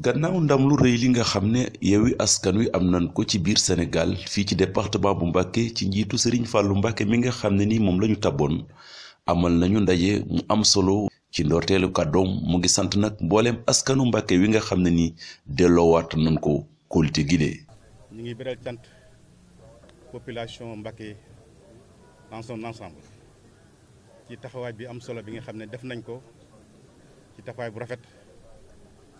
gannaaw ndam lu rëy li nga xam ne Yewwi Askan Wi am nañ ko ci biir Sénégal fii ci département bu Mbàkke ci njiitu sëriñ fàllu Mbàkke mi nga xam ne ni moom la ñu taboon amal nañu ndaje mu am solo ci ndoorteelu kàddoom mu ngi sant nag mbooleem askanu Mbàkke wi nga xam ne ni delloowaat nañ ko kóolute gi mu ngi beral cant population Mbàkke dans son ensemble ci taxawaay bi am solo bi nga xam ne def nañ ko ci taxawaay bu rafet.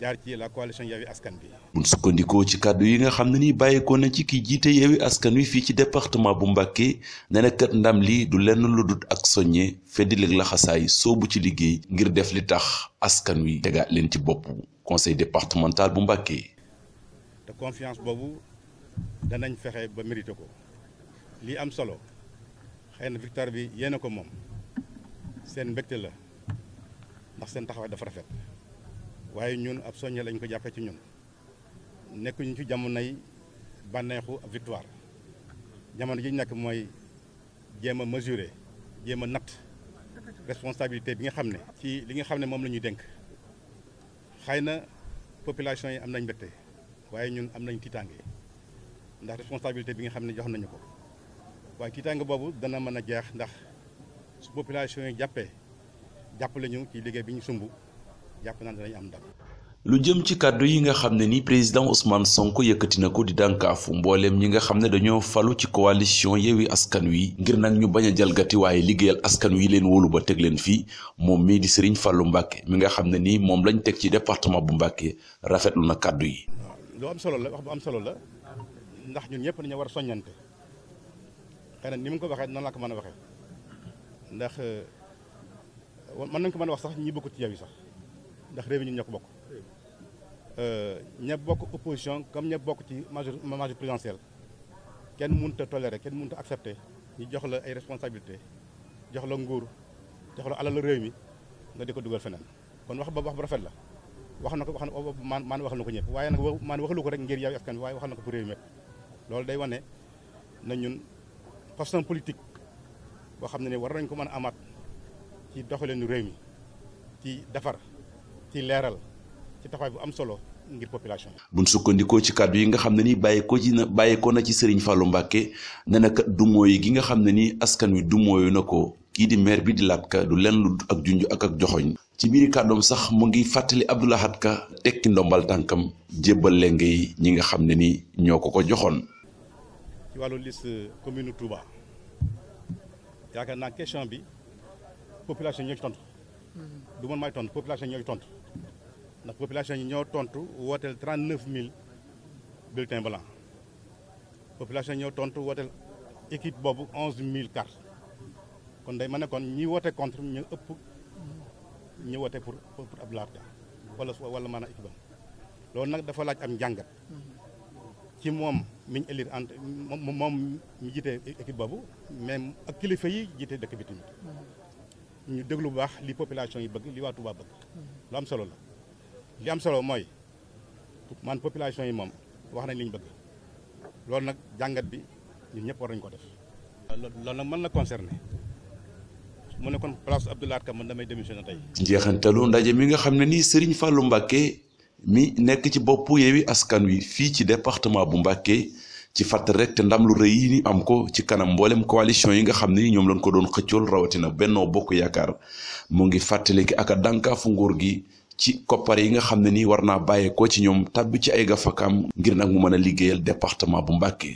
jaar ci la coalition Yewwi Askan Wi. mun sukkandikoo ci kàddu yi nga xam ne ni bàyyeekoo na ci ki jiite Yewwi Askan Wi fii ci département bu Mbacké ne na kat ndam lii du lenn lu dut ak soññe feddileeg laxasaay soobu ci liggéey ngir def li tax askan wi tegaat leen ci bopp conseil départemental bu Mbacké. te confiance boobu danañ fexe ba mérité ko lii am solo xëy na victoire bi yéen a ko moom seen mbegte la ndax seen taxawaay dafa rafet. waaye ñun ab soññe lañ ko jàppee ci ñun nekkuñu ci jamonoy banneexu ab victoire jamono ji ñu nekk mooy jéem a mesurer jéem a natt responsabilité bi nga xam ne ci li nga xam ne moom la ñuy dénk xëy na population yi am nañ mbégte waaye ñun am nañ tiitaange ndax responsabilité bi nga xam ne jox nañu ko waaye tiitaange boobu dana mën a jeex ndax su population yi jàppee jàpp lañu ci liggéey bi ñu sumb jàpp naa danañ am ndam. lu jëm ci kàddu yi nga xam ne nii président Ousmane sonk yëkkati na ko di dànkaafu mbooleem ñi nga xam ne dañoo falu ci coalition Yewwi Askan Wi ngir nag ñu bañ a jalgati waaye liggéeyal askan wi leen wóolu ba teg leen fii moom mii di sëriñ Fallou Mbacké mi nga xam ne nii moom lañ teg ci département bu Mbacké rafetlu na kàddu yi. lu am solo la bu am solo la ndax ñun ñëpp dañoo war a soññante xëy na ni mu ko waxee noonu la ko mën a waxee ndax euh, mën nañ ko mën a wax sax ñi bokkut ci Yewwi sax. ndax réew mi ñun ñoo ko bokk euh, ña bokk opposition comme ña bokk ci majorité présidentielle kenn mënut a tolérer kenn mënut a accepter ñu jox la ay responsabilité jox la nguur jox la alal réew mi nga di ko dugal feneen kon wax ba wax bu rafet la wax na ko wax na man man waxal na ko ñëpp waaye nag man waxalu ko rek ngir yow askan waaye waxal na ko pour réew mi loolu day wane na ñun façon politique boo xam ne ne war nañ ko mën a amaat ci doxalinu réew mi ci defar ci leeral ci taxawaay bu am solo ngir population buñ sukkandikoo ci kàddu yi nga xam ne ni bàyyeekoo ci na bàyyeekoo na ci Serigne Fallou Mbacke ne na kat yi gi nga xam ne ni askan wi dumooyu na ko kii di maire bi di Lat Ka du lenn ak junj ak ak joxoñ ci biir kàddoom sax mu ngi fàttali Abdou Lahat Ka tekki ndombal tànkam jébbal lenge yi ñi nga xam ne ni ñoo ko ko joxoon. ci wàllu liste commune du man maay tontu population ñooy tontu ndax population yi ñoo tontu wooteel 39000 bulletins blancs population ñoo tontu wooteel équipe boobu 11000 cartes kon day ma ne ñi woote contre ñu ëpp ñi woote pour pour Abdoulaye Wade wala wala maanaam équipe am loolu nag dafa laaj am njàngat ci moom mi ñu élire entre moom mi jiite équipe boobu mais ak kilifa yi jiite dëkk bi ñu déglu bu baax li population yi bëgg li waa Touba bëgg lu am solo la li am solo mooy man population yi moom wax nañ li ñu bëgg loolu nag jàngat bi ñun ñëpp war nañu ko def loolu nag mën na concerné mu ne kon place Abdou Lahad Ka man damay démissionné tey njeexantalu ndaje mi nga xam ne nii Serigne Fallou Mbacké mi nekk ci boppu Yewwi Askan Wi fii ci département bu Mbacké ci fàttali rek te ndam lu rëy yi ñu am ko ci kanam mboolem coalition yi nga xam ni ñoom lañ ko doon xëccool rawatina Benno Bokk Yaakaar mu ngi fàttali ak a dànkaafu nguur gi ci koppar yi nga xam ne nii war naa bàyyeekoo ci ñoom tàbbi ci ay gafakaam ngir nag mu mën a liggéeyal département bu Mbàkke